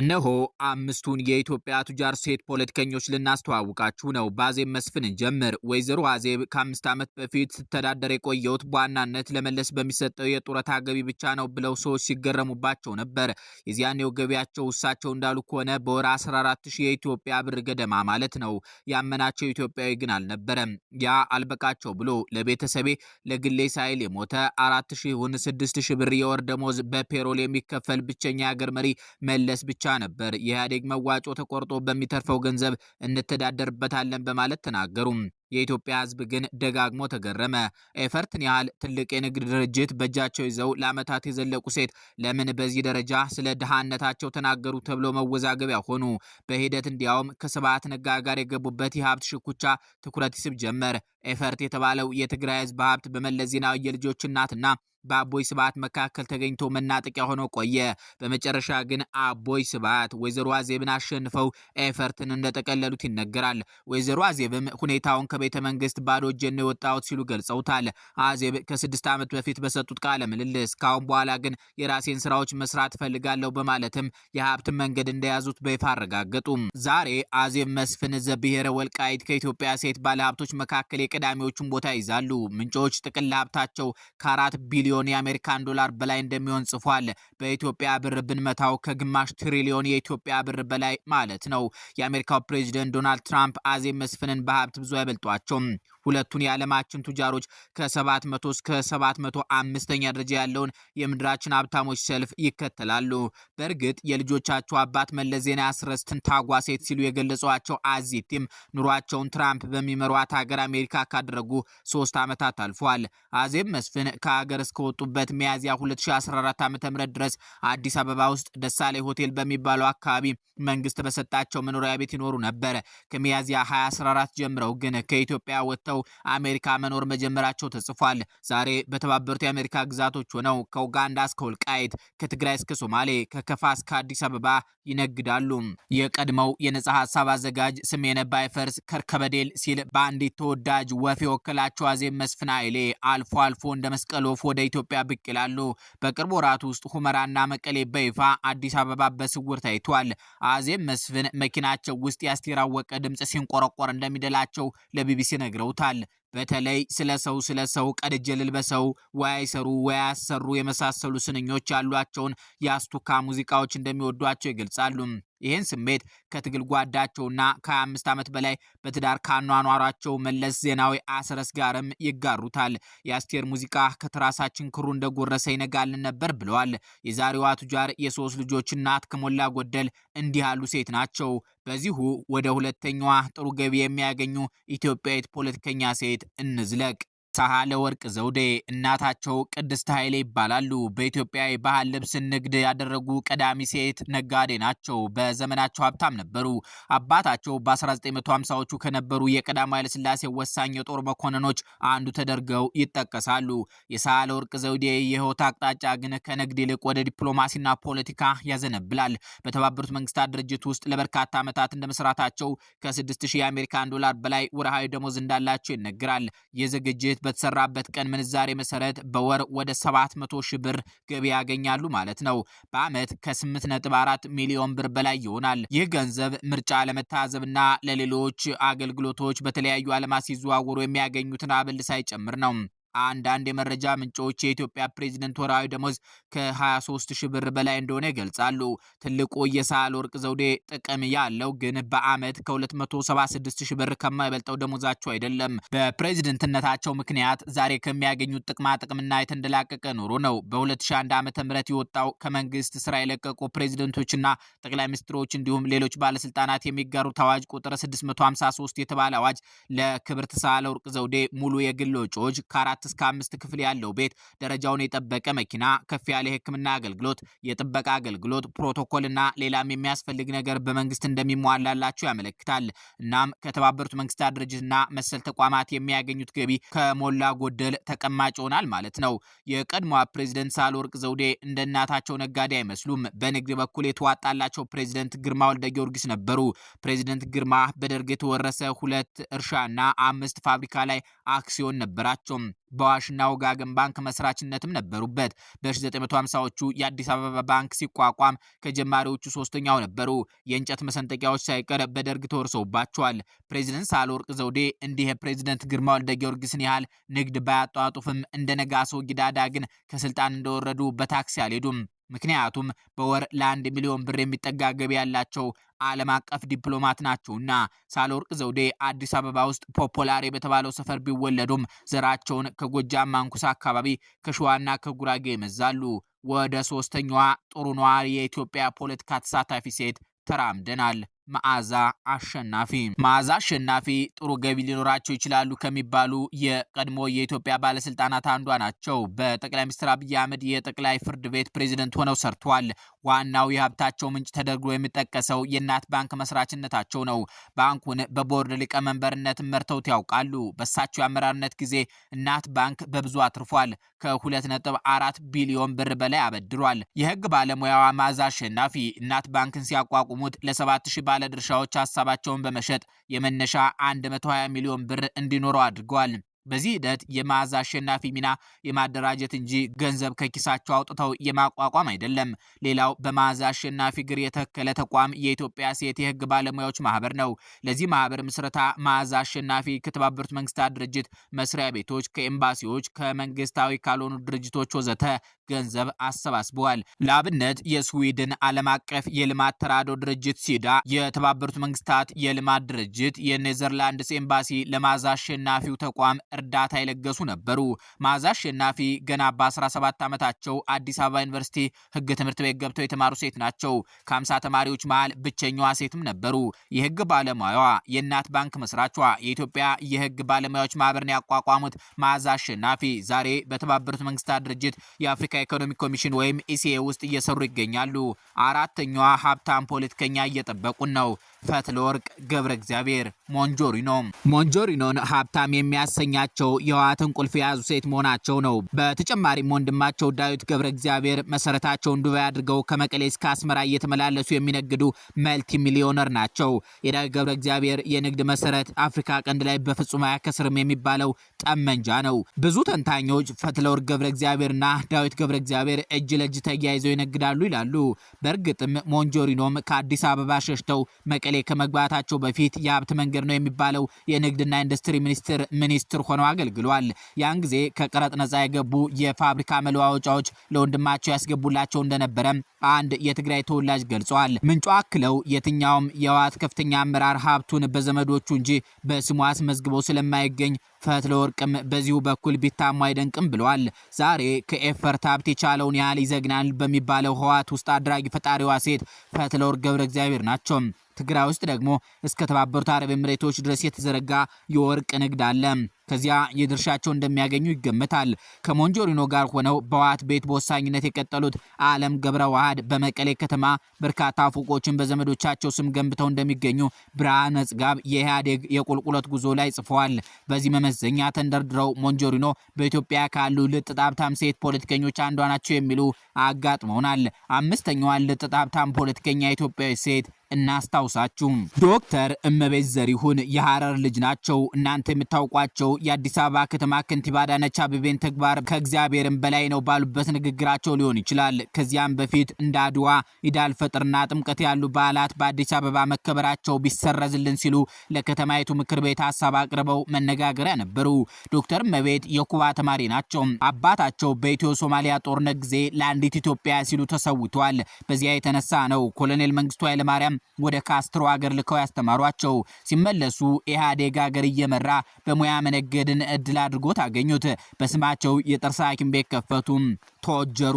እነሆ አምስቱን የኢትዮጵያ ቱጃር ሴት ፖለቲከኞች ልናስተዋውቃችሁ ነው። በአዜብ መስፍንን ጀምር። ወይዘሮ አዜብ ከአምስት ዓመት በፊት ስተዳደር የቆየሁት በዋናነት ለመለስ በሚሰጠው የጡረታ ገቢ ብቻ ነው ብለው ሰዎች ሲገረሙባቸው ነበር። የዚያኔው ገቢያቸው እሳቸው እንዳሉ ከሆነ በወር 14 ሺህ የኢትዮጵያ ብር ገደማ ማለት ነው። ያመናቸው ኢትዮጵያዊ ግን አልነበረም። ያ አልበቃቸው ብሎ ለቤተሰቤ ለግሌ ሳይል የሞተ አራት ሺህ ይሁን ስድስት ሺህ ብር የወር ደሞዝ በፔሮል የሚከፈል ብቸኛ የአገር መሪ መለስ ብቻ ብቻ ነበር የኢህአዴግ መዋጮ ተቆርጦ በሚተርፈው ገንዘብ እንተዳደርበታለን በማለት ተናገሩም። የኢትዮጵያ ሕዝብ ግን ደጋግሞ ተገረመ። ኤፈርትን ያህል ትልቅ የንግድ ድርጅት በእጃቸው ይዘው ለዓመታት የዘለቁ ሴት ለምን በዚህ ደረጃ ስለ ድሃነታቸው ተናገሩ ተብሎ መወዛገቢያ ሆኑ። በሂደት እንዲያውም ከስብሃት ነጋ ጋር የገቡበት የሀብት ሽኩቻ ትኩረት ይስብ ጀመር። ኤፈርት የተባለው የትግራይ ሕዝብ ሀብት በመለስ ዜናዊ የልጆች እናትና በአቦይ ስብዓት መካከል ተገኝቶ መናጠቂያ ሆኖ ቆየ። በመጨረሻ ግን አቦይ ስብዓት ወይዘሮ አዜብን አሸንፈው ኤፈርትን እንደጠቀለሉት ይነገራል። ወይዘሮ አዜብም ሁኔታውን ከቤተ መንግስት ባዶ እጄን ነው የወጣሁት ሲሉ ገልጸውታል። አዜብ ከስድስት ዓመት በፊት በሰጡት ቃለ ምልልስ ካሁን በኋላ ግን የራሴን ስራዎች መስራት ፈልጋለሁ በማለትም የሀብትን መንገድ እንደያዙት በይፋ አረጋገጡም። ዛሬ አዜብ መስፍን ዘብሔረ ወልቃይት ከኢትዮጵያ ሴት ባለሀብቶች መካከል የቀዳሚዎቹን ቦታ ይዛሉ። ምንጮች ጥቅል ሀብታቸው ከአራት ቢሊዮን ትሪሊዮን የአሜሪካን ዶላር በላይ እንደሚሆን ጽፏል። በኢትዮጵያ ብር ብንመታው ከግማሽ ትሪሊዮን የኢትዮጵያ ብር በላይ ማለት ነው። የአሜሪካው ፕሬዚደንት ዶናልድ ትራምፕ አዜብ መስፍንን በሀብት ብዙ አይበልጧቸውም። ሁለቱን የዓለማችን ቱጃሮች ከ700 እስከ 705ኛ ደረጃ ያለውን የምድራችን ሀብታሞች ሰልፍ ይከተላሉ። በእርግጥ የልጆቻቸው አባት መለስ ዜናዊ አስረስትን ታጓ ሴት ሲሉ የገለጿቸው አዚቲም ኑሯቸውን ትራምፕ በሚመሯት ሀገር አሜሪካ ካደረጉ ሶስት ዓመታት አልፏል። አዜብ መስፍን ከሀገር እስከወጡበት ሚያዝያ 2014 ዓ ም ድረስ አዲስ አበባ ውስጥ ደሳሌ ሆቴል በሚባለው አካባቢ መንግስት በሰጣቸው መኖሪያ ቤት ይኖሩ ነበር። ከሚያዝያ 2014 ጀምረው ግን ከኢትዮጵያ ወጥተው ተሰናብተው አሜሪካ መኖር መጀመራቸው ተጽፏል። ዛሬ በተባበሩት የአሜሪካ ግዛቶች ሆነው ከኡጋንዳ እስከ ወልቃይት፣ ከትግራይ እስከ ሶማሌ፣ ከከፋ እስከ አዲስ አበባ ይነግዳሉ። የቀድሞው የነጻ ሀሳብ አዘጋጅ ስሜነ ባይፈርስ ከርከበዴል ሲል በአንዲት ተወዳጅ ወፍ የወከላቸው አዜብ መስፍን ኃይሌ አልፎ አልፎ እንደ መስቀል ወፍ ወደ ኢትዮጵያ ብቅ ይላሉ። በቅርብ ወራት ውስጥ ሁመራና መቀሌ በይፋ አዲስ አበባ በስውር ታይቷል። አዜብ መስፍን መኪናቸው ውስጥ ያስቴራወቀ ድምፅ ሲንቆረቆር እንደሚደላቸው ለቢቢሲ ነግረውታል። ብለውታል። በተለይ ስለ ሰው ስለ ሰው ቀድጄ ልልበሰው ወይ አይሰሩ ወይ አያሰሩ የመሳሰሉ ስንኞች ያሏቸውን የአስቱካ ሙዚቃዎች እንደሚወዷቸው ይገልጻሉ። ይህን ስሜት ከትግል ጓዳቸውና ከ25 ዓመት በላይ በትዳር ካኗኗሯቸው መለስ ዜናዊ አስረስ ጋርም ይጋሩታል። የአስቴር ሙዚቃ ከትራሳችን ክሩ እንደጎረሰ ይነጋልን ነበር ብለዋል። የዛሬዋ ቱጃር የሶስት ልጆች እናት ከሞላ ጎደል እንዲህ ያሉ ሴት ናቸው። በዚሁ ወደ ሁለተኛዋ ጥሩ ገቢ የሚያገኙ ኢትዮጵያዊት ፖለቲከኛ ሴት እንዝለቅ። ሳህለ ወርቅ ዘውዴ እናታቸው ቅድስት ኃይሌ ይባላሉ። በኢትዮጵያ የባህል ልብስ ንግድ ያደረጉ ቀዳሚ ሴት ነጋዴ ናቸው። በዘመናቸው ሀብታም ነበሩ። አባታቸው በ1950ዎቹ ከነበሩ የቀዳማዊ ኃይለ ሥላሴ ወሳኝ የጦር መኮንኖች አንዱ ተደርገው ይጠቀሳሉ። የሳህለ ወርቅ ዘውዴ የህይወት አቅጣጫ ግን ከንግድ ይልቅ ወደ ዲፕሎማሲና ፖለቲካ ያዘነብላል። በተባበሩት መንግስታት ድርጅት ውስጥ ለበርካታ ዓመታት እንደመስራታቸው ከ6000 የአሜሪካን ዶላር በላይ ወርሃዊ ደሞዝ እንዳላቸው ይነገራል። የዝግጅት በተሰራበት ቀን ምንዛሬ መሰረት በወር ወደ 700 ሺህ ብር ገቢ ያገኛሉ ማለት ነው። በአመት ከ8.4 ሚሊዮን ብር በላይ ይሆናል። ይህ ገንዘብ ምርጫ ለመታዘብና ለሌሎች አገልግሎቶች በተለያዩ አለማ ሲዘዋወሩ የሚያገኙትን አበል ሳይጨምር ነው። አንዳንድ የመረጃ ምንጮች የኢትዮጵያ ፕሬዝደንት ወራዊ ደሞዝ ከ23 ሺህ ብር በላይ እንደሆነ ይገልጻሉ። ትልቁ ወርቅ ዘውዴ ጥቅም ያለው ግን በአመት ከ276 ሺህ ብር ከማይበልጠው ደሞዛቸው አይደለም። በፕሬዝደንትነታቸው ምክንያት ዛሬ ከሚያገኙት ጥቅማ ጥቅምና የተንደላቀቀ ኑሮ ነው። በ2001 ዓ.ም የወጣው ከመንግስት ስራ የለቀቁ ፕሬዚደንቶችና ጠቅላይ ሚኒስትሮች እንዲሁም ሌሎች ባለስልጣናት የሚጋሩት አዋጅ ቁጥር 653 የተባለ አዋጅ ለክብርት ወርቅ ዘውዴ ሙሉ የግል ወጪዎች ከአራት ከአራት እስከ አምስት ክፍል ያለው ቤት፣ ደረጃውን የጠበቀ መኪና፣ ከፍ ያለ የህክምና አገልግሎት፣ የጥበቃ አገልግሎት፣ ፕሮቶኮልና ሌላም የሚያስፈልግ ነገር በመንግስት እንደሚሟላላቸው ያመለክታል። እናም ከተባበሩት መንግስታት ድርጅትና መሰል ተቋማት የሚያገኙት ገቢ ከሞላ ጎደል ተቀማጭ ይሆናል ማለት ነው። የቀድሞዋ ፕሬዚደንት ሳህለወርቅ ዘውዴ እንደ እናታቸው ነጋዴ አይመስሉም። በንግድ በኩል የተዋጣላቸው ፕሬዚደንት ግርማ ወልደ ጊዮርጊስ ነበሩ። ፕሬዚደንት ግርማ በደርግ የተወረሰ ሁለት እርሻና አምስት ፋብሪካ ላይ አክሲዮን ነበራቸው። በዋሽና ወጋገን ባንክ መስራችነትም ነበሩበት። በ1950ዎቹ የአዲስ አበባ ባንክ ሲቋቋም ከጀማሪዎቹ ሶስተኛው ነበሩ። የእንጨት መሰንጠቂያዎች ሳይቀር በደርግ ተወርሰውባቸዋል። ፕሬዚደንት ሳህለወርቅ ዘውዴ እንዲህ ፕሬዚደንት ግርማ ወልደ ጊዮርጊስን ያህል ንግድ ባያጧጡፍም እንደ ነጋሶ ጊዳዳ ግን ከስልጣን እንደወረዱ በታክሲ አልሄዱም። ምክንያቱም በወር ለአንድ ሚሊዮን ብር የሚጠጋ ገቢ ያላቸው ዓለም አቀፍ ዲፕሎማት ናቸውና። ሳህለወርቅ ዘውዴ አዲስ አበባ ውስጥ ፖፖላሬ በተባለው ሰፈር ቢወለዱም ዘራቸውን ከጎጃም ማንኩሳ አካባቢ ከሸዋና ከጉራጌ ይመዛሉ። ወደ ሶስተኛዋ ጥሩ ነዋሪ የኢትዮጵያ ፖለቲካ ተሳታፊ ሴት ተራምደናል። መዓዛ አሸናፊ። መዓዛ አሸናፊ ጥሩ ገቢ ሊኖራቸው ይችላሉ ከሚባሉ የቀድሞ የኢትዮጵያ ባለስልጣናት አንዷ ናቸው። በጠቅላይ ሚኒስትር አብይ አህመድ የጠቅላይ ፍርድ ቤት ፕሬዝደንት ሆነው ሰርተዋል። ዋናው የሀብታቸው ምንጭ ተደርጎ የሚጠቀሰው የእናት ባንክ መስራችነታቸው ነው። ባንኩን በቦርድ ሊቀመንበርነት መርተውት ያውቃሉ። በሳቸው የአመራርነት ጊዜ እናት ባንክ በብዙ አትርፏል። ከ2.4 ቢሊዮን ብር በላይ አበድሯል። የህግ ባለሙያዋ መዓዛ አሸናፊ እናት ባንክን ሲያቋቁሙት ለ7000 ባለድርሻዎች ሀሳባቸውን በመሸጥ የመነሻ 120 ሚሊዮን ብር እንዲኖረው አድርገዋል። በዚህ ሂደት የመዓዛ አሸናፊ ሚና የማደራጀት እንጂ ገንዘብ ከኪሳቸው አውጥተው የማቋቋም አይደለም። ሌላው በመዓዛ አሸናፊ እግር የተከለ ተቋም የኢትዮጵያ ሴት የህግ ባለሙያዎች ማህበር ነው። ለዚህ ማህበር ምስረታ መዓዛ አሸናፊ ከተባበሩት መንግስታት ድርጅት መስሪያ ቤቶች፣ ከኤምባሲዎች፣ ከመንግስታዊ ካልሆኑ ድርጅቶች ወዘተ ገንዘብ አሰባስበዋል። ለአብነት የስዊድን ዓለም አቀፍ የልማት ተራዶ ድርጅት ሲዳ፣ የተባበሩት መንግስታት የልማት ድርጅት፣ የኔዘርላንድስ ኤምባሲ ለመዓዛ አሸናፊው ተቋም እርዳታ የለገሱ ነበሩ። መዓዛ አሸናፊ ገና በ17 ዓመታቸው አዲስ አበባ ዩኒቨርሲቲ ህግ ትምህርት ቤት ገብተው የተማሩ ሴት ናቸው። ከ50 ተማሪዎች መሃል ብቸኛዋ ሴትም ነበሩ። የህግ ባለሙያዋ፣ የእናት ባንክ መስራቿ፣ የኢትዮጵያ የህግ ባለሙያዎች ማህበርን ያቋቋሙት መዓዛ አሸናፊ ዛሬ በተባበሩት መንግስታት ድርጅት የአፍሪካ ኢኮኖሚ ኮሚሽን ወይም ኢሲኤ ውስጥ እየሰሩ ይገኛሉ። አራተኛዋ ሀብታም ፖለቲከኛ እየጠበቁን ነው። ፈትለወርቅ ገብረ እግዚአብሔር ሞንጆሪኖ። ሞንጆሪኖን ሀብታም የሚያሰኛቸው የህወሓትን ቁልፍ የያዙ ሴት መሆናቸው ነው። በተጨማሪም ወንድማቸው ዳዊት ገብረ እግዚአብሔር መሰረታቸውን ዱባይ አድርገው ከመቀሌ እስከ አስመራ እየተመላለሱ የሚነግዱ መልቲ ሚሊዮነር ናቸው። የዳዊት ገብረ እግዚአብሔር የንግድ መሰረት አፍሪካ ቀንድ ላይ በፍጹም አያከስርም የሚባለው ጠመንጃ ነው። ብዙ ተንታኞች ፈትለወርቅ ገብረ እግዚአብሔርና ዳዊት ገብረ እግዚአብሔር እጅ ለእጅ ተያይዘው ይነግዳሉ ይላሉ። በእርግጥም ሞንጆሪኖም ከአዲስ አበባ ሸሽተው መቀሌ መቀሌ ከመግባታቸው በፊት የሀብት መንገድ ነው የሚባለው የንግድና ኢንዱስትሪ ሚኒስትር ሚኒስትር ሆነው አገልግሏል። ያን ጊዜ ከቀረጥ ነጻ የገቡ የፋብሪካ መለዋወጫዎች ለወንድማቸው ያስገቡላቸው እንደነበረ አንድ የትግራይ ተወላጅ ገልጿል። ምንጩ አክለው የትኛውም የህወሓት ከፍተኛ አመራር ሀብቱን በዘመዶቹ እንጂ በስሙ አስመዝግበው ስለማይገኝ ፈትለ ወርቅም በዚሁ በኩል ቢታሙ አይደንቅም ብለዋል። ዛሬ ከኤፈርት ሀብት የቻለውን ያህል ይዘግናል በሚባለው ህወሓት ውስጥ አድራጊ ፈጣሪዋ ሴት ፈትለ ወርቅ ገብረ እግዚአብሔር ናቸው። ትግራይ ውስጥ ደግሞ እስከ ተባበሩት አረብ ኤምሬቶች ድረስ የተዘረጋ የወርቅ ንግድ አለ። ከዚያ የድርሻቸው እንደሚያገኙ ይገመታል። ከሞንጆሪኖ ጋር ሆነው በዋት ቤት በወሳኝነት የቀጠሉት አለም ገብረ ዋህድ በመቀሌ ከተማ በርካታ ፎቆችን በዘመዶቻቸው ስም ገንብተው እንደሚገኙ ብርሃነ ጽጋብ የኢህአዴግ የቁልቁለት ጉዞ ላይ ጽፈዋል። በዚህ መመዘኛ ተንደርድረው ሞንጆሪኖ በኢትዮጵያ ካሉ ልጥጣብታም ሴት ፖለቲከኞች አንዷ ናቸው የሚሉ አጋጥመውናል። አምስተኛዋን ልጥጣብታም ፖለቲከኛ ኢትዮጵያዊ ሴት እናስታውሳችሁ። ዶክተር እመቤት ዘሪሁን የሐረር ልጅ ናቸው። እናንተ የምታውቋቸው የአዲስ አበባ ከተማ ከንቲባ አዳነች አቤቤን ተግባር ከእግዚአብሔርም በላይ ነው ባሉበት ንግግራቸው ሊሆን ይችላል። ከዚያም በፊት እንደ አድዋ፣ ኢዳል ፈጥርና ጥምቀት ያሉ በዓላት በአዲስ አበባ መከበራቸው ቢሰረዝልን ሲሉ ለከተማይቱ ምክር ቤት ሀሳብ አቅርበው መነጋገሪያ ነበሩ። ዶክተር መቤት የኩባ ተማሪ ናቸው። አባታቸው በኢትዮ ሶማሊያ ጦርነት ጊዜ ለአንዲት ኢትዮጵያ ሲሉ ተሰውተዋል። በዚያ የተነሳ ነው ኮሎኔል መንግስቱ ኃይለማርያም ወደ ካስትሮ አገር ልከው ያስተማሯቸው። ሲመለሱ ኢህአዴግ አገር እየመራ በሙያ መነ የመወገድን እድል አድርጎት አገኙት። በስማቸው የጥርስ ሐኪም ቤት ከፈቱ። ተወጀሩ።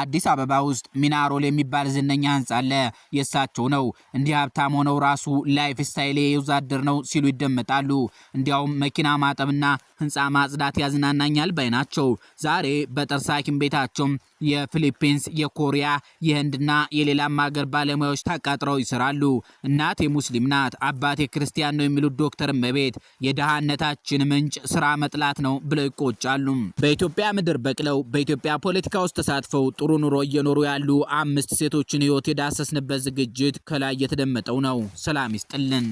አዲስ አበባ ውስጥ ሚናሮል የሚባል ዝነኛ ህንፃ አለ፣ የእሳቸው ነው። እንዲህ ሀብታም ሆነው ራሱ ላይፍ ስታይሌ የውዛድር ነው ሲሉ ይደመጣሉ። እንዲያውም መኪና ማጠብና ህንፃ ማጽዳት ያዝናናኛል ባይ ናቸው። ዛሬ በጥርስ ሐኪም ቤታቸውም የፊሊፒንስ፣ የኮሪያ፣ የህንድና የሌላም ሀገር ባለሙያዎች ተቀጥረው ይሰራሉ። እናቴ ሙስሊም ናት፣ አባቴ ክርስቲያን ነው የሚሉት ዶክተር መቤት የደሃነታችን ምንጭ ስራ መጥላት ነው ብለው ይቆጫሉ። በኢትዮጵያ ምድር በቅለው በኢትዮጵያ ፖለቲ ፖለቲካ ውስጥ ተሳትፈው ጥሩ ኑሮ እየኖሩ ያሉ አምስት ሴቶችን ህይወት የዳሰስንበት ዝግጅት ከላይ የተደመጠው ነው። ሰላም ይስጥልን።